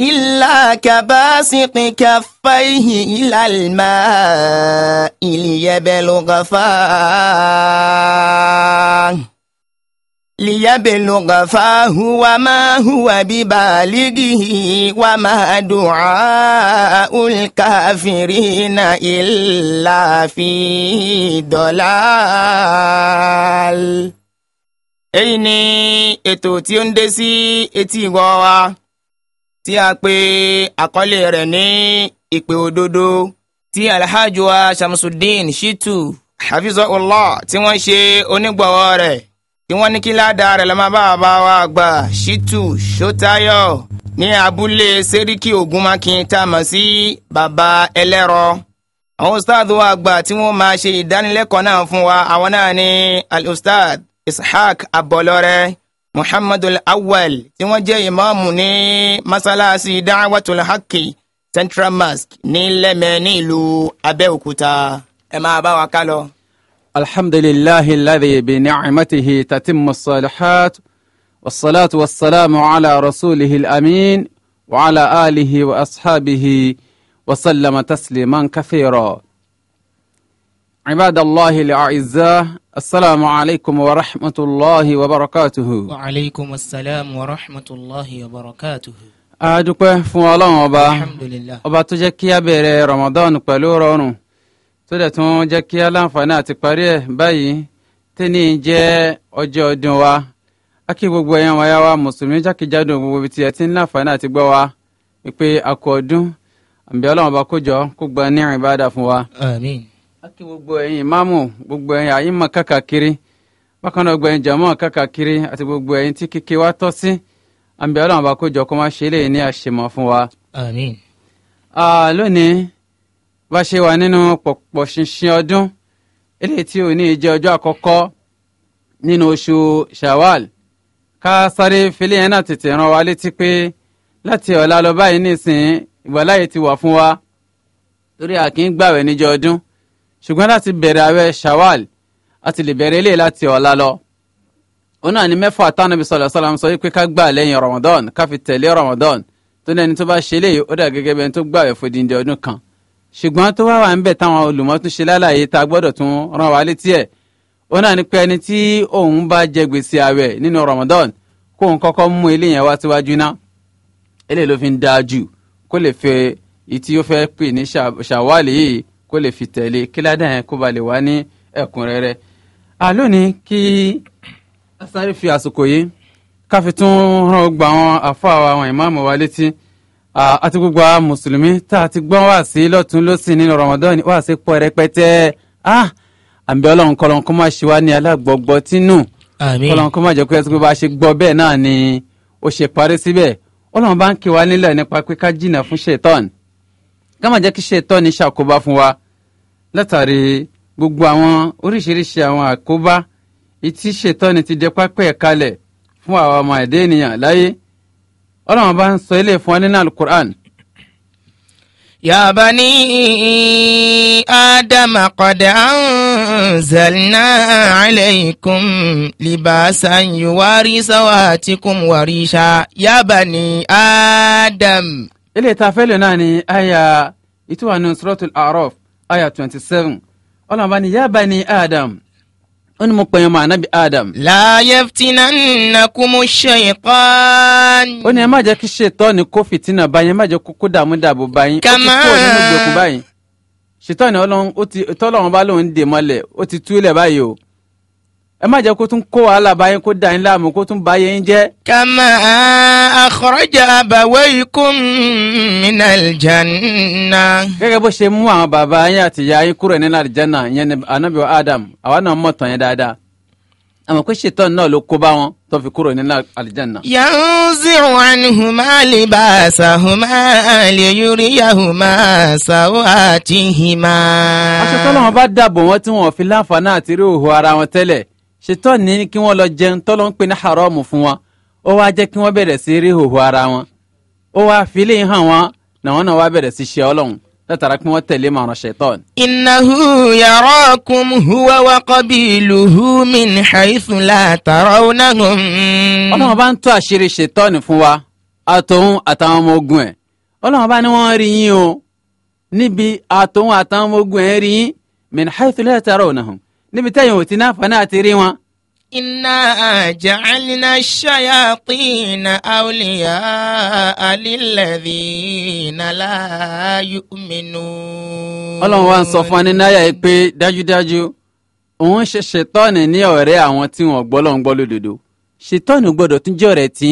إلا كباسط كفيه إلى الماء ليبلغ فاه ليبلغ فاه وما هو ببالغه وما دعاء الكافرين إلا في ضلال èyí ni ètò tí ó ń dé sí etí ìwọ wa tí a pè àkọlé rẹ̀ ní ìpè òdodo tí alhaji wa shamsuddin shitu hafizahullah tí wọ́n ṣe onígbọ̀wọ́ rẹ̀ tí wọ́n ní kí ládàá rẹ̀ lọ́mọ bá bá wa gbà shitu shotayo ní abúlé seriki ogunmakin tá a mọ̀ sí baba ẹlẹ́rọ àwọn ustaad wa àgbà tí wọ́n máa ṣe ìdánilẹ́kọ̀ọ́ náà fún wa àwọn náà ní alustad ishaq abọlọrẹ muhammadul awwal tí wọ́n jẹ́ ìmáàmù ní masalasi da'watul haqqi central mosque ní lẹ́mẹ̀ ní ìlú abẹ́òkúta ẹ máa bá wa ká lọ. alhamdulillahi alladhi bi ni'matihi tatimmu salihat wasalaatu wasalaamu ala rasulihi al-amin alihi wa ashabihi wa tasliman kathira. ibadallahi al-a'izzah السلام عليكم ورحمة الله وبركاته وعليكم السلام ورحمة الله وبركاته a dúpẹ́ fún ọlọ́run ọba ọba tó jẹ́ kí a bẹ̀rẹ̀ ramadan pẹ̀lú rọrùn tó dẹ̀ tún jẹ́ kí a láǹfààní àti parí ẹ̀ báyìí tẹ́ni jẹ́ ọjọ́ ọdún wa a kí gbogbo ẹ̀yàn wa wa mùsùlùmí jákèjádò gbogbo ibi tí ẹ ti ń láǹfààní àti gbọ́ wa pé a kú ọdún àbí ọlọ́run ọba kó jọ kó gba ní ìrìn bá dà fún wa akí gbogbo ẹ̀yin ìmáàmù gbogbo ẹ̀yin àyímọ̀ kákàkiri bákan náà gbogbo ẹ̀yin jàmọ́ kákàkiri àti gbogbo ẹ̀yin tí kíkí wa tọ́ sí àǹbẹ̀ ọlọ́run bá kójọ kó má ṣe lè ní àṣemọ̀ fún wa. àmín. lónìí bá ṣe wà nínú pọ̀pọ̀ ṣinṣin ọdún eléyìí tí ò ní jẹ́ ọjọ́ àkọ́kọ́ nínú oṣù shawal ká sáré filẹ̀ yẹn náà tètè rán wa létí pé láti ọ̀la lọ báyìí nísìnyí ìgbàláyè ti wà fún wa torí a kì ọdún ṣùgbọ́n láti bẹ̀rẹ̀ àwẹ̀ shawal a ti lè bẹ̀rẹ̀ ilé láti ọ̀la lọ. ó náà ní mẹ́fà tánàbí sọ̀rọ̀ sọ́lá sọ pé ká gbà lẹ́yìn ramadan ká fi tẹ̀lé ramadan tó ní ẹni tó bá ṣe léyìí ó dà gẹ́gẹ́ bí ẹni tó gbà ẹ̀fọ́ díndín ọdún kan. ṣùgbọ́n tó wá wà ń bẹ̀ táwọn olùmọ̀túnṣe lálàyé ta gbọ́dọ̀ tún ràn wá létí ẹ̀. ó náà ní pé ẹni tí òun bá jẹ gbèsè àwẹ̀ nínú ramadan kó òun kọ́kọ́ mú ilé yẹn wá síwájú ná. eléyìí ló fi ń dáa jù kó lè fẹ́ ìtí ó fẹ́ pè ní ṣàwálì yìí kó lè fi tẹ̀lé kí ládàá yẹn kó ba lè wá ní ẹ̀kúnrẹ́rẹ́ àlónì kí asáré fi àsìkò yìí káfi tún ràn gba àwọn àfa àwọn ìmáàmù wa létí àti gbogbo mùsùlùmí tá a ti gbọ́n wá sí lọ́tún lọ́sìn nínú Ramadan wá sí pọ̀ rẹpẹtẹ ah àmì ọlọ́run kọlọ́n kó má ṣe wá ní alágbọ̀gbọ́ tínú kọlọ́n kó má jẹ́ pé ẹsẹ̀ pé bá a ṣe gbọ́ bẹ́ẹ̀ náà ni ó ṣe parí síbẹ̀ ọlọ́run bá ń kí wa nílẹ̀ nípa pé ká jìnnà fún ṣètọ́n ká má jẹ́ kí ṣètọ́ ní ṣàkóbá fún wa látàrí gbogbo àwọn oríṣiríṣi àwọn àkóbá ìtí ṣètọ́ ni ti dẹ pápẹ́ kalẹ̀ fún àwa ọmọ ẹ̀dẹ́ ènìyàn láyé ọlọ́run bá ń sọ ilé fún wa nínú alukur'an. يا Adam. آدم قد أنزلنا عليكم لباسا يواري سواتكم وريشا يا بني آدم ilé ìtafẹ́ lè náà ni àyà ìtura ní suratul A'raf àyà twenty seven ọlọ́mọba ni ya bani Adam ó ní mo pè yín mọ́ Adam. la yaftinannakumu shaytan. ó ní ẹ má jẹ́ kí ṣètọ́ni kó fìtínà báyìí ẹ má jẹ́ kókó dààmú dààbò báyìí ó ti kó nínú gbèkú báyìí ṣètọ́ni ọlọ́run ó ti tọ́lọ́run bá lóun dè mọ́lẹ̀ ó ti túlẹ̀ báyìí o ẹ má jẹ́ kó tún kó wàhálà bá yín kó dà yín láàmú kó tún bá yín jẹ́. kàmá àkọ́rọ́jà abawaykum minal janna. gẹ́gẹ́ bó ṣe mú àwọn bàbá yín àti ìyá yín kúrò nínú àlìjánná yẹn ni anabi adam àwa náà mọ̀ tán yẹn dáadáa àmọ́ pé ṣètọ́n náà ló kó bá wọn tó fi kúrò nínú àlìjánná. yanzi'u anhuma libasahuma liyuriyahuma sawatihima. aṣọ tọ́lọ́wọ́n bá dàbò wọn tí wọn fi láǹfààní àti rí òhò ara wọn tẹ́lẹ̀ ṣetán ní kí wọ́n lọ jẹun tọ́lọ́ ń pè ní haramu fún wọn ó wá jẹ́ kí wọ́n bẹ̀rẹ̀ sí rí hòhò ara wọn ó wá filé hàn wọn làwọn náà wá bẹ̀rẹ̀ sí ṣe ọlọ́run látara pé wọ́n tẹ̀lé màrán ṣetán. innahu yarakum huwa wa qabiluhu min haythu la tarawnahum. ọlọ́run bá ń tó àṣírí ṣetán fún wa àtòun àtàwọn ọmọ ogun ẹ̀ ọlọ́run bá ní wọ́n rí yín o níbi àtòun àtàwọn ọmọ ogun ẹ̀ rí yín min haythu la tarawnahum níbi tẹ́yìn ò ti náà fọ́nà àti rí wọn. iná àjàlínà ṣayàpínà àwòlíyà alílẹ̀dínà láàyò mẹ́nu. ọlọ́run wa ń sọ fún ẹni yìí pé dájúdájú òun ṣe ṣètọ́ọ̀nì ní ọ̀rẹ́ àwọn tí wọ́n gbọ́ lọ́n gbọ́ lódodo ṣètọ́ọ̀nì gbọ́dọ̀ tún jẹ́ ọ̀rẹ́ tí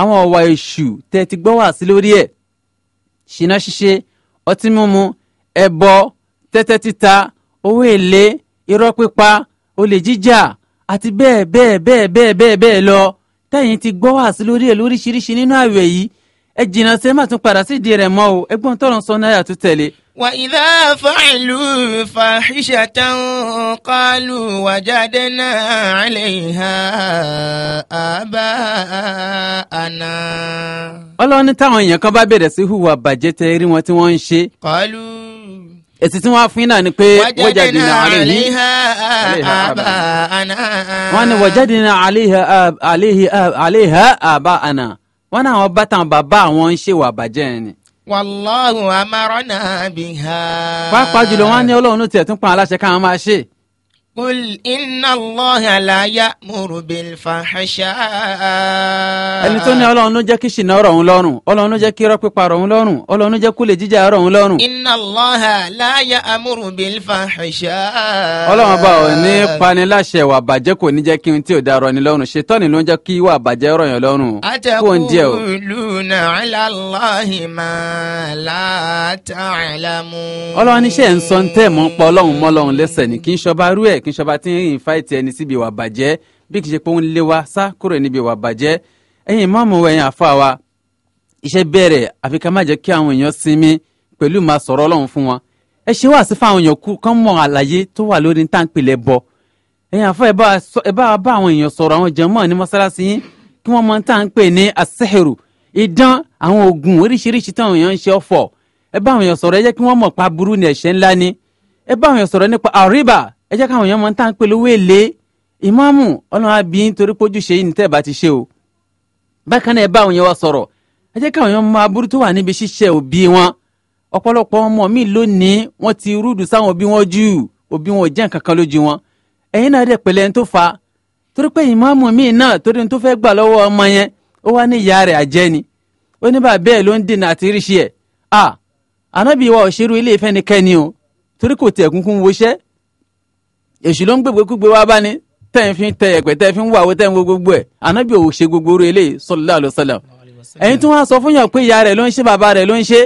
àwọn ọ̀wà èṣù tẹ́ ti gbọ́ wá sí lórí ẹ̀ ṣìnà ṣíṣe ọtí mímu ẹbọ tẹ́tẹ́ títa owó èlé irọ́ pípa olè jíjà àti bẹ́ẹ̀ bẹ́ẹ̀ bẹ́ẹ̀ bẹ́ẹ̀ bẹ́ẹ̀ bẹ́ẹ̀ lọ tẹ̀yìn ti gbọ́ wá sí lórí ẹ̀ lóríṣiríṣi nínú àwẹ̀ yìí ẹ jìnnà sí ẹ má tún padà sí ìdí rẹ̀ o ẹgbọ́n tọrọ sọ náírà tó tẹ̀lé. وإذا فعلوا فاحشة قالوا وجدنا عليها آباءنا. ọlọ́run ní táwọn èèyàn kan bá bẹ̀rẹ̀ sí hùwà bàjẹ́ tẹ́ rí wọn tí wọ́n ń ṣe. قالوا èsì tí wọ́n á fún yín náà ni pé wajadina alayha aba'ana. wọ́n ní wajadina alayha aba'ana wọ́n náà wọ́n bá tàn bàbá àwọn ń ṣèwà bàjẹ́ ni. wallahu amarana biha. pàápàá jùlọ wọ́n ní ọlọ́run tiẹ̀ tún pa aláṣẹ káwọn máa ṣe. قل إن الله لا يأمر بالفحشاء. ẹni tó ní ọlọ́run ló jẹ́ kí ṣìnà ọ̀rọ̀ òun lọ́rùn ọlọ́run ló jẹ́ kí irọ́ pípa ọ̀rọ̀ òun lọ́rùn ọlọ́run ló jẹ́ kó lè jíjà ọ̀rọ̀ òun lọ́rùn. إن الله لا يأمر بالفحشاء. ọlọ́run ọba ò ní paniláṣẹ ìwà àbàjẹ́ kò ní jẹ́ kí n tí ò dára ni lọ́rùn ṣètọ́ni ló ń jẹ́ kí ìwà àbàjẹ́ ọ̀rọ̀ yẹn lọ́rùn. أتقولون على الله ما لا تعلمون. ọlọ́run iṣẹ́ ń sọ ń tẹ̀ mọ́ pọ́ ọlọ́run mọ́ ọlọ́run lẹ́sẹ̀ ni kì í ṣọba rú ẹ̀ báyìí kì í ṣọba tí ń fáìtì ẹni síbi ìwà bàjẹ́ bí kì í ṣe pé òun lé wa sá kúrò níbi ìwà bàjẹ́ ẹ̀yin mọ́mú ẹ̀yin àfa wa iṣẹ́ bẹ̀rẹ̀ àfi ká má jẹ́ kí àwọn èèyàn sinmi pẹ̀lú máa sọ̀rọ̀ ọlọ́run fún wọn ẹ ṣe wá sí fáwọn èèyàn kú kán mọ àlàyé tó wà lórí táǹpìlẹ̀ bọ̀ ẹ̀yin àfa ẹ bá bá àwọn èèyàn sọ̀rọ̀ àwọn jàmáà ní mọ́sálásí yín kí wọ́n mọ táǹpẹ̀ ní asẹ́hẹ̀rù idán àwọn oògùn oríṣiríṣi táwọn èèyàn ń ṣe ọ̀fọ̀ ẹ bá àwọn èèyàn sọ̀rọ̀ ẹ jẹ́ kí wọ́n mọ̀ pa burú ní ẹ̀ṣẹ̀ ńlá ni ẹ bá àwọn èèyàn sọ̀rọ̀ nípa àríbà ẹ jẹ́ káwọn èèyàn mọ̀ ń tà ń pè lówó èlé ìmáàmù ọlọ́run àbí nítorí pójú ṣe yìí ní tẹ́ẹ̀ bá ti ṣe o bákan náà ẹ bá àwọn èèyàn wa sọ̀rọ̀ ẹ jẹ́ káwọn èèyàn mọ aburú tó wà níbi ṣíṣẹ́ òbí wọn ọ̀pọ̀lọpọ̀ ọmọ mi lónìí wọ́n ti rúdù sáwọn òbí wọn jù òbí wọn ò jẹ́ nǹkan kan lójú wọn ẹ̀yin náà rẹ̀ pẹ̀lẹ́ ń tó fa torí pé ìmáàmù mi náà torí tó fẹ́ gbà lọ́wọ́ ọmọ yẹn ó wá ní ìyá rẹ̀ àjẹ́ ni ó ní bá bẹ́ẹ̀ kò tẹ̀ kúnkún woṣẹ́ èṣù ló ń gbègbè kúgbe wá bá ní tẹ́yìn fi tẹ ẹ̀pẹ̀ tẹ́yìn fi ń wàwé tẹ́yìn wo gbogbo ẹ̀ ànábì ò ṣe gbogbo orí eléyìí sallallahu alaihi wasallam ẹ̀yin tí wọ́n sọ fún yàn pé ìyá rẹ̀ ló ń ṣe bàbá rẹ̀ ló ń ṣe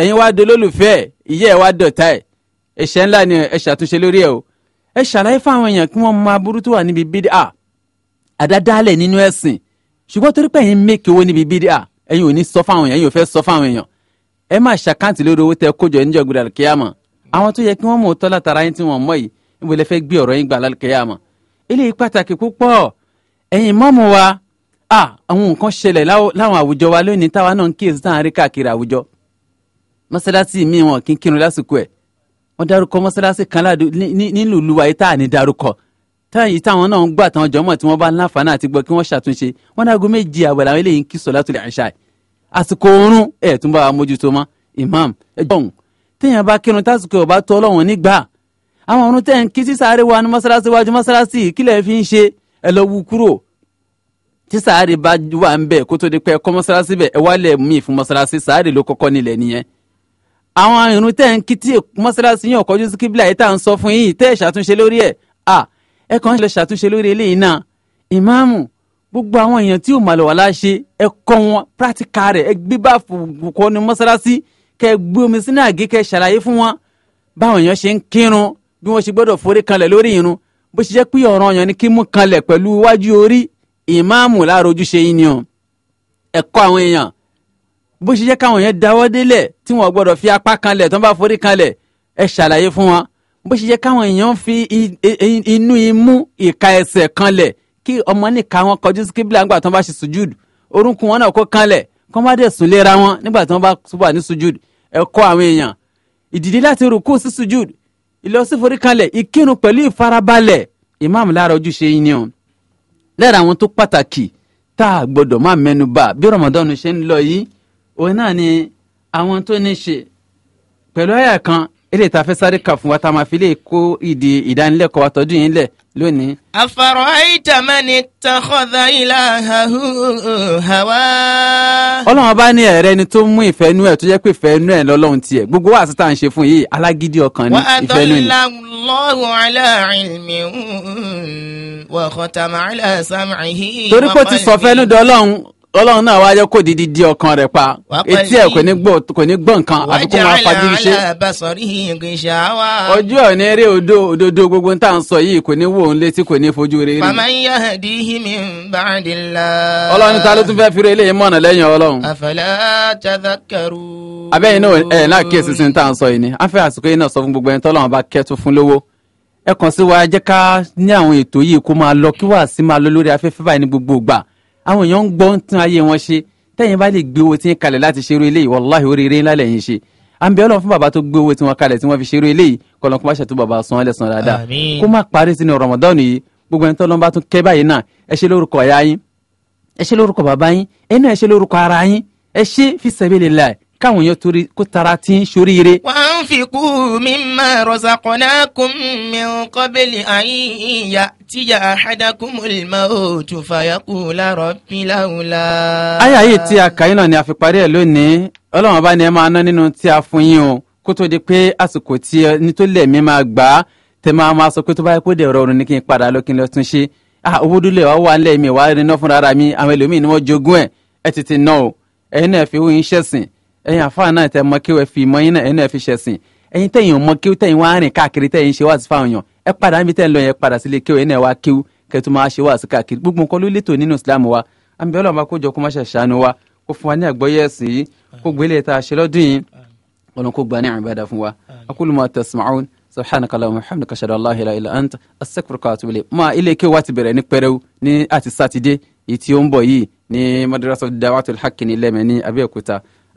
ẹ̀yin wá dolólùfẹ́ ẹ̀ ìyá ẹ̀ wá dọ̀tá ẹ̀ ẹ̀ṣẹ̀ ńlá ni ẹ̀ ṣàtúnṣe lórí ẹ̀ o ẹ ṣàlàyé fáwọn èèyàn kí wọ́n mọ aburú tó wà níbi bídíà àdádálẹ̀ nínú ẹ̀sìn ṣùgbọ́n torí pé ẹ̀yin mẹ́kẹ́ owó níbi bídíà ẹ̀yin ò ní sọ fáwọn èèyàn níbo lẹ fẹ́ gbé ọ̀rọ̀ yín gbà lálùkẹ́yàmọ̀ eléyìí pàtàkì púpọ̀ ẹ̀yin mọ́mù wa àwọn nǹkan ṣẹlẹ̀ láwọn àwùjọ wa lónìí táwa náà ń kíyèsí táwọn rí káàkiri àwùjọ mọ́sálásí mi wọn kì í kírun lásìkò ẹ̀ wọ́n dárúkọ mọ́sálásí kan nílùú ìlú wa yìí tá à ní dárúkọ táyì táwọn náà ń gbọ́ àtàwọn jọmọ tí wọ́n bá láǹfààní àti gbọ́ kí wọ́n ṣàtúnṣe wọ́n ní aago méjì ààbọ̀ làwọn eléyìí ń kí sọ̀látù l'ìṣà àsìkò oorun ẹ̀ tún bá wa mójútó mọ́ imam ẹ̀ jọ̀hún téèyàn bá kírun tásìkò ọ̀bá tó ọlọ́run nígbà àwọn ọ̀run tẹ̀ ń kí sísáré wa ní mọ́sálásí wájú mọ́sálásí ìkílẹ̀ fi ń ṣe ẹ lọ wú kúrò tí sáré bá wà ń bẹ̀ kó tó di pé ẹ kọ́ mọ́sálásí bẹ̀ ẹ wálẹ̀ míì fún mọ́sálásí sáré ló kọ́kọ́ nílẹ̀ nìyẹn àwọn irun tẹ̀ ń kí tí mọ́sálásí yàn kọjú sí kíbílà yìí tá à ń sọ fún yìí tẹ́ ẹ̀ ṣàtúnṣe lórí ẹ̀ à ẹ kàn lọ ṣàtúnṣe lórí eléyìí náà ìmáàmù gbogbo àwọn èèyàn tí ò mà lọ́wọ́ láṣẹ ẹ kọ́ wọn pírátíkà rẹ̀ ẹ gbé bá fòkọ́ ní mọ́sálásí kẹ gbé omi sínú àgé kẹ ṣàlàyé fún wọn báwọn èèyàn ṣe ń kírun bí wọ́n ṣe gbọ́dọ̀ forí kanlẹ̀ lórí irun bó ṣe jẹ́ pé ọ̀ranyàn ni kí mú kanlẹ̀ pẹ̀lú iwájú orí ìmáàmù lára ojúṣe yín ni o ẹ̀kọ́ àwọn èèyàn bó ṣe jẹ́ káwọn èèyàn dáwọ́ délẹ̀ tí wọ́n gbọ́dọ̀ fi apá kanlẹ̀ tó ń bá forí kanlẹ̀ ẹ ṣàlàyé fún wọn bó ṣe jẹ́ káwọn èèyàn fi inú imú ìka ẹsẹ̀ kanlẹ̀ kí ọmọ nìka wọn kọjú sí kíbla nígbà tó ń bá ṣe sùjúd orúnkún wọn náà kó kanlẹ̀ kó má dẹ̀ sùn léra wọn nígbà tó ń bá wà ní sùjúd ẹ̀kọ́ àwọn èèyàn ìdìde láti rùkú sí sùjúd ìlọsíforíkalẹ̀ ìkírun pẹ̀lú ìfarabalẹ̀ ìmáàmù lára ojúṣe yín ni o lára àwọn tó pàtàkì tá a gbọdọ̀ máa mẹ́nubà bí rọmọdọ́nù ṣe ń lọ yìí òun náà ni àwọn tó ní ṣe pẹ̀lú àyà kan eré ìtafẹ́sáré kà fún wa tá a máa fi lè kó ìdí ìdánilẹ́kọ̀ọ́ àtọ́jú yín lẹ̀ lónìí. àfàrọ̀ àìtàmẹ́ ni tàkọ́dà ilà hàhù ọlọ́run bá ní ẹ̀rẹ́ ni tó mú ìfẹ́ inú ẹ̀ tó jẹ́ pé ìfẹ́ inú ẹ̀ lọ́lọ́run tiẹ̀ gbogbo wàásù tá ń ṣe fún yìí alágídí ọkàn ni ìfẹ́ inú ni. wà á dọ́là lọ́wọ́ aláìlmí wà kọ́tàmọ́ àlàsámàhí. torí kò ti sọ fẹ́ nù dọ́lọ́run ọlọ́run náà wá jẹ́ kó didi di ọkàn rẹ̀ pa etí ẹ̀ kò ní gbọ́ kò ní gbọ́ nǹkan àfi kó máa fagídí ṣe. ojú ọ̀ ní eré odò òdodo gbogbo tá à ń sọ yìí kò ní wò ó létí kò ní fojú rere. faman yahdihi min ba'dillah. ọlọ́run ta ló tún fẹ́ẹ́ fi rere yìí mọ̀nà lẹ́yìn ọlọ́run. afala tadhakkarun. abẹ́yìn náà ẹ̀ náà kíyèsí sí tá à ń sọ yìí ni a fẹ́ àsìkò yìí náà sọ fún gbogbo ẹni tọ́lọ́run bá kẹ́tù fún lówó ẹ kàn sí wa jẹ́ ká ní àwọn ètò yìí kó máa lọ kí wàá sí máa lọ lórí afẹ́fẹ́ báyìí ní gbogbo ìgbà àwọn èèyàn ń gbọ́ ń tún ayé wọn ṣe tẹ́yìn bá lè gbé owó tí ń kalẹ̀ láti ṣerú eléyìí wàláhì oríire ńlá lẹ́yìn ṣe à ń bẹ Ọlọ́run fún bàbá tó gbé owó tí wọ́n kalẹ̀ tí wọ́n fi ṣerú eléyìí kọlọ́n kó má bàbá san ẹlẹ́sàn dáadáa kó má parí sínú Ramadan yìí gbogbo ẹni tọ́lọ́n bá tún kẹ́ báyìí náà ẹ ṣe lórúkọ ọ̀yá yín ẹ ṣe lórúkọ bàbá yín ẹ náà ẹ ṣe lórúkọ ara yín ẹ ṣe fi sabilillah káwọn èèyàn torí kó tara tí ń ṣoríire. wa anfiqu mimma razaqnakum min qabli an ya'tiya ahadakumul mawtu fayaqula rabbi lawla. àyà yìí tí a kà yín náà ni a fi parí ẹ̀ lónìí ọlọ́run bá ní ẹ máa ná nínú tí a fún yín o kó tó di pé àsìkò tí ẹni tó lẹ̀ mí máa gbà á tẹ máa máa sọ pé tó bá yẹ kó dẹ̀ rọrùn ní kí n padà lọ kí n lọ tún ṣe owó dúlẹ̀ wá wà nílẹ̀ mi wà á rinná fúnra mi àwọn ẹlòmíì ni wọ́n jogún ẹ̀ ẹ̀ tètè ná o ẹ̀yin náà fi owó yín ṣẹ̀sìn ẹ̀yin àfáà náà tẹ mọ kí wọ́n fi mọ yín náà ẹ̀yin náà fi ṣẹ̀sìn ẹ̀yin tẹ̀yin ò mọ kí tẹ̀yin wá rìn káàkiri tẹ̀yin ṣe wáàsí fáwọn yàn ẹ padà níbi tẹ̀yin lọ yẹn padà sílé kí ẹ̀yin náà wá kíw kẹtù máa ṣe wáàsí káàkiri gbogbo nǹkan ló létò nínú Islam wa àmì bẹ́ẹ̀ lọ́mọ kójọ kó má ṣe ṣàánú wa kó fún wa ní àgbọ́yé ẹ̀sìn yìí kó gbélé ta ṣe lọ́dún yìí ọlọ́run kó gbà ní ìbádà fún wa aqulu ma tasma'un subhanaka allahumma wa hamdaka ashhadu an la ilaha illa anta astaghfiruka wa atubu ilayk máa ilé kí wàá ti bẹ̀rẹ̀ ní pẹrẹwu ní àti sátidé èyí madrasa dawatul haqqi ní lẹ́mẹ̀ ní Abẹ́òkúta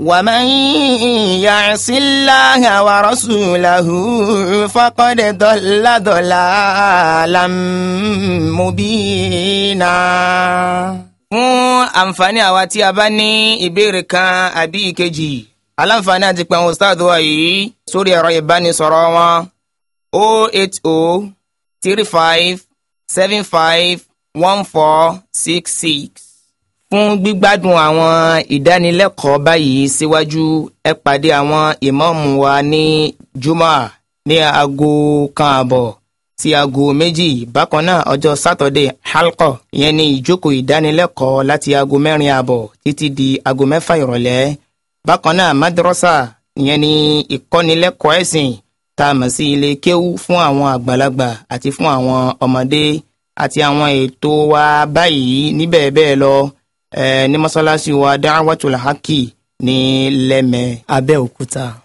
ومن يعص الله ورسوله فقد ضل ضلالا مبينا fún àǹfààní àwa tí a bá ní ìbéèrè kan àbí ìkejì aláǹfààní àti pẹ̀lú ustaad wa yìí sórí ẹ̀rọ ìbánisọ̀rọ̀ wọn o oh eight o oh three fún gbígbádùn àwọn ìdánilẹ́kọ̀ọ́ báyìí síwájú ẹ pàdé àwọn ìmáàmù wa ní juma ní aago kan àbọ̀ sí aago méjì bákan náà ọjọ́ sátọ̀dé halkọ ìyẹn ní ìjókòó ìdánilẹ́kọ̀ọ́ láti aago mẹ́rin àbọ̀ títí di aago mẹ́fà ìrọ̀lẹ́ bákan náà madrasa ìyẹn ní ìkọ́nilẹ́kọ̀ọ́ ẹ̀sìn tá a mọ̀ sí ilé kéwú fún àwọn àgbàlagbà àti fún àwọn ọmọdé àti àwọn ètò wa báyìí ní bẹ́ẹ̀ lọ Eh, ní mọ́sálásí wa dáhàwátúlá hákì ní lẹ́mẹ̀ẹ́ abẹ́òkúta.